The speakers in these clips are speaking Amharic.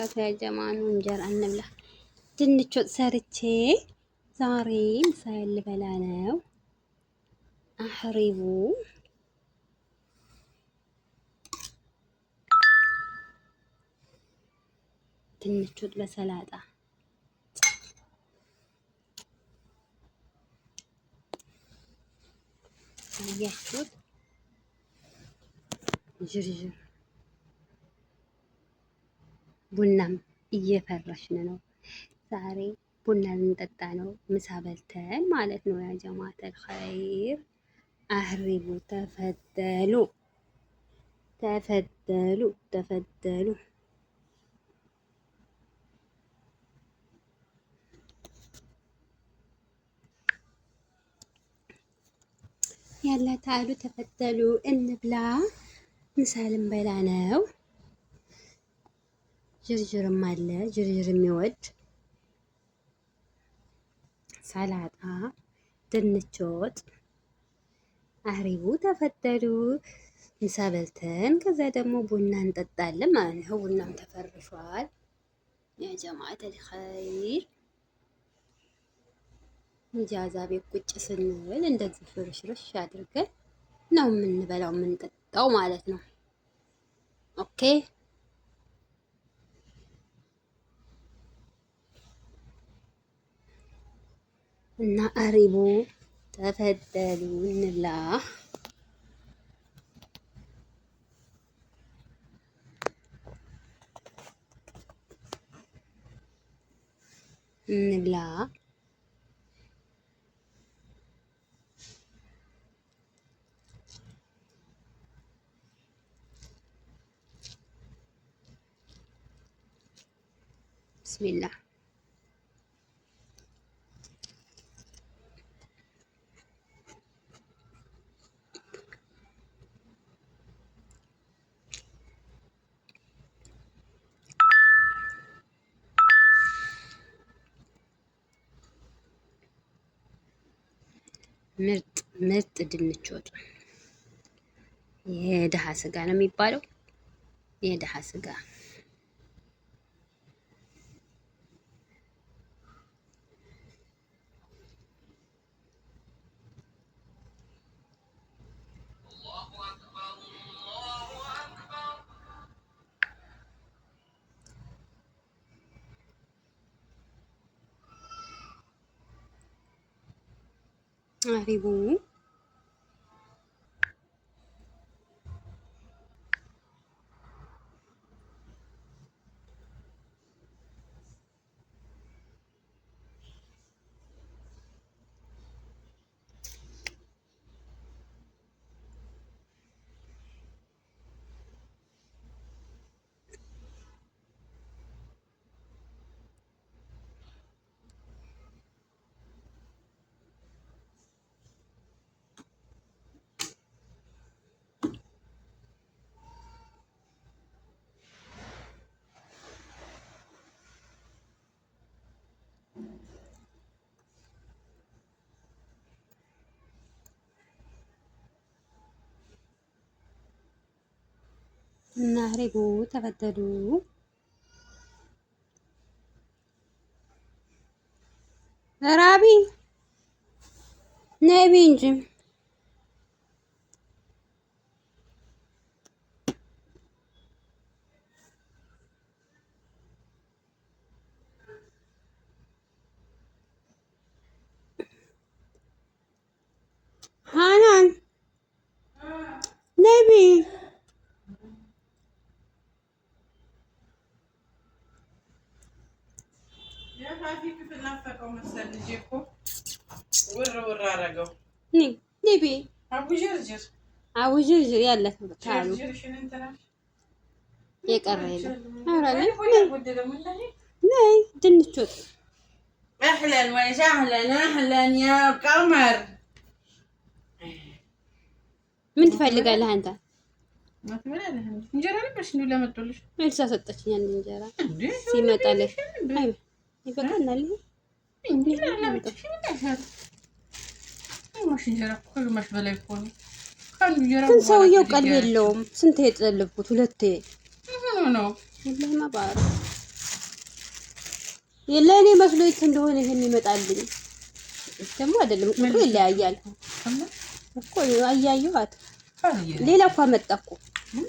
አብላት ያ ጀማዓ ነው እንጀራ እንብላ። ድንች ወጥ ሰርቼ ዛሬ ምሳዬን ልበላ ነው። አሕሪቡ ድንች ወጥ በሰላጣ አያችሁት? ጅርጅር ቡናም እየፈራሽን ነው። ዛሬ ቡና ልንጠጣ ነው፣ ምሳ በልተን ማለት ነው። ያ ጀማዓተል ኸይር አህሪቡ፣ ተፈደሉ፣ ተፈደሉ፣ ተፈደሉ። ያላ ታሉ ተፈተሉ እንብላ፣ ምሳ ልንበላ ነው። ጅርጅርም አለ። ጅርጅር የሚወድ ሰላጣ፣ ድንች ወጥ አሪቡ ተፈደዱ ምሳ በልተን ከዛ ደግሞ ቡና እንጠጣለን ማለት ነው። ቡናም ተፈርሿል። ያ ጀማዓት አልኸይር ቤት ቁጭ ስንል እንደዚህ ፍርሽርሽ አድርገን ነው የምንበላው የምንጠጣው ማለት ነው። ኦኬ እና አሪቡ ተፈደሉ እንላ እንብላ ብስሚላህ ምርጥ ምርጥ ድንች ወጥ የድሃ ስጋ ነው የሚባለው። የድሃ ስጋ lima ribu نه ریگو تبددو نه رابی አውዥርዥር ያለት ታሉ የቀረ የለም። ናይ ድንች ወጥ አህለን ወይሽ አህለን አህለን ያ ቀመር ምን ትፈልጋለህ አንተ? እንጀራ ነበርሽ እንዲሁ ለመጡልሽ መልሳ ሰጠችኝ። አንድ እንጀራ ሲመጣልሽ ይበቃናል። እንጀራ ለብቻሽ እንጀራ በላይ እኮ ነው ግን ሰውየው ቀልብ የለውም። ስንት የጠለብኩት ሁለቴ ነው። ለእኔ መስሎት እንደሆነ ይህን ይመጣልኝ ደግሞ አይደለም እኮ ይለያያል እኮ አያየኋት። ሌላ እኮ መጣ እኮ ምን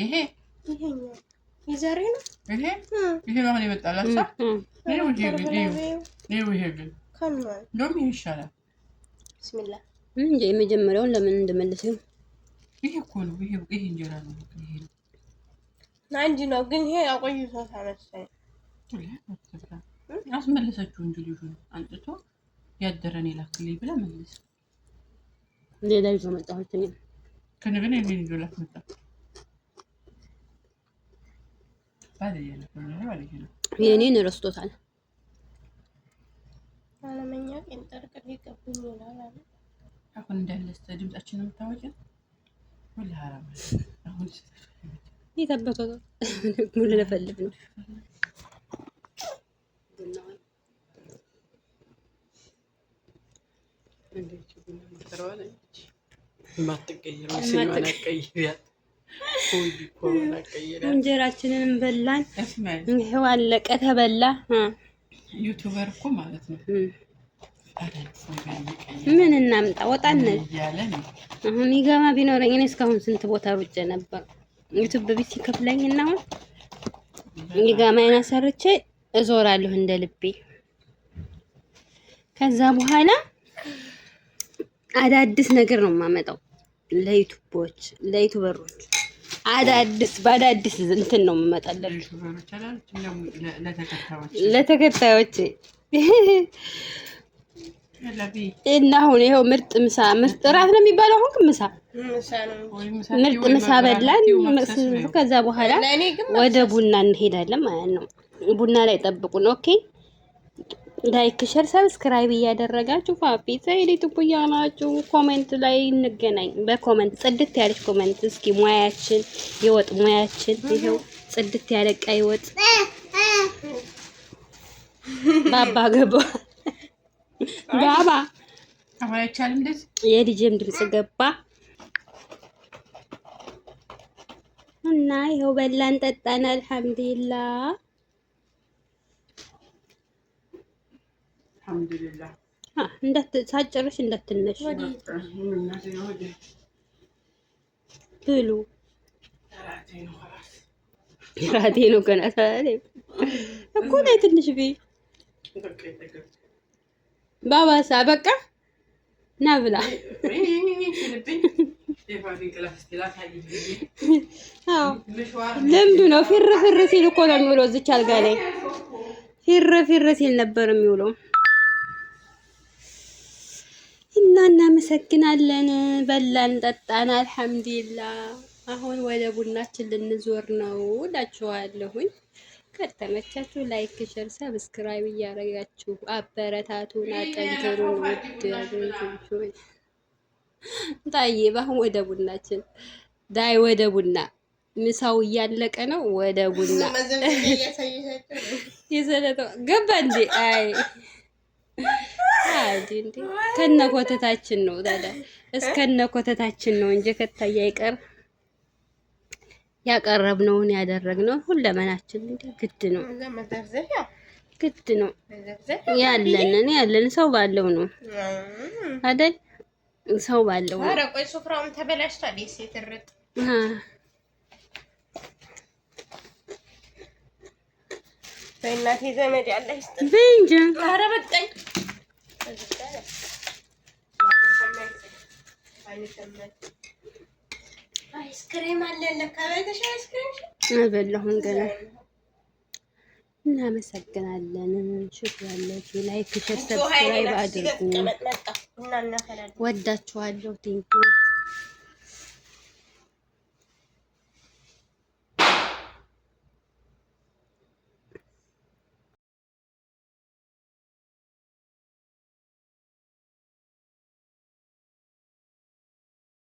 ይሄ የዛሬ ነው። ይሄ ይሄ አሁን የመጣላት እንደውም ይሄ ይሻላል። ብስሚላ እንጂ የመጀመሪያውን ለምን እንደመለሰው ይሄ እኮ ነው። ይሄ ይሄ እንጀራ ነው። ይሄ ነው እንጂ ነው ግን ይሄ አቆይቶት መሰለኝ አስመለሰችው እንጂ ነው አንጥቶ ያደረን የላክልኝ ብላ መለሰ። ሌላ ይዞ መጣሁት ከነገና የሚል ይዞላት መጣ የእኔን ረስቶታል። የታበቷ ሙሉ ለፈልግ ነው። ማትቀይረው ሲሆን አቀይሪያት እንጀራችንንም በላን። ይኸው አለቀ ተበላ። ዩቱበር እኮ ማለት ነው። ምን እናምጣ ወጣነት አሁን ይገባ ቢኖረኝ እኔ እስካሁን ስንት ቦታ ሩጬ ነበር። ዩቱብ በቤት ሲከፍለኝ እና አሁን ይገባዬን አሰርቼ እዞራለሁ እንደ ልቤ። ከዛ በኋላ አዳዲስ ነገር ነው የማመጣው ለዩቱቦች ለዩቱበሮች አዳዲስ በአዳዲስ እንትን ነው የምመጣለን ለተከታዮች እና አሁን ይኸው ምርጥ ምሳ ምርጥ እራት ነው የሚባለው። አሁን ምሳ ምርጥ ምሳ በላን። ከዛ በኋላ ወደ ቡና እንሄዳለን ማለት ነው። ቡና ላይ ጠብቁን። ኦኬ ላይክ፣ ሸር፣ ሰብስክራይብ እያደረጋችሁ ፋፒ ሰይድ ዩቱብ ኮሜንት ላይ እንገናኝ። በኮሜንት ጽድት ያለች ኮሜንት እስኪ ሙያችን የወጥ ሙያችን ይሄው ጽድት ያለ ቀይ ወጥ ባባ ገባ ባባ የልጅም ድምጽ ገባ እና ይኸው በላን ጠጣን። አልሐምዱሊላህ አልሐምዱሊላህ እንዳት ሳጨርሽ እንዳትነሽ ብሉ። ራቴ ነው ገና ታዲያ እኮ ላይ ትንሽ ቢ ባባሳ በቃ ና ብላ ልምዱ ነው። ፊር ፊር ሲል እኮ ነው የሚውለው። እዚች አልጋ ላይ ፊር ፊር ሲል ነበር የሚውለው። እና እናመሰግናለን። በላን፣ ጠጣን፣ አልሐምዲላ አሁን ወደ ቡናችን ልንዞር ነው እላችኋለሁኝ። ከተመቻችሁ ላይክ፣ ሸር፣ ሰብስክራይብ እያደረጋችሁ አበረታቱን፣ አጠንክሩ ውድ ያገኝቶች ጣዬ ባሁን ወደ ቡናችን ዳይ ወደ ቡና ምሳው እያለቀ ነው። ወደ ቡና የሰለተው ገባ እንዴ? አይ እንዴ ከነኮተታችን ነው ታዲያ፣ እስከነኮተታችን ነው እንጂ ከታየ አይቀር ያቀረብነውን ያደረግነውን ሁለመናችን እንዴ ግድ ነው ግድ ነው ያለንን ያለን ሰው ባለው ነው አይደል? ሰው ባለው ነው። ኧረ ቆይ ሱፍራውም ተበላሽቷል። የሴት እርጥ በእናቴ ዘመድ ያለሽ እንጂ ኧረ በቃኝ አበላሁን ገና እናመሰግናለን። ላይክ ሸር ሰብስክራይብ አድርጉ። ወዳችኋለሁ። ቴንኪው